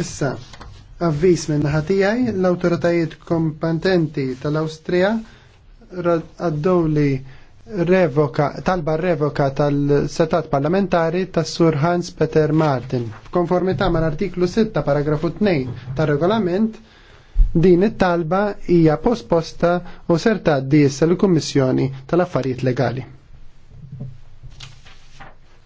Issa, avvis minn ħatijaj l-autoritajiet kompetenti tal-Awstrija għaddew li revoka, talba revoka tal-setat parlamentari tas sur Hans Peter Martin. F'konformità mal artiklu 6 paragrafu 2 tal-regolament, din it-talba hija posposta u serta d-dies l-Kummissjoni tal-Affarijiet Legali.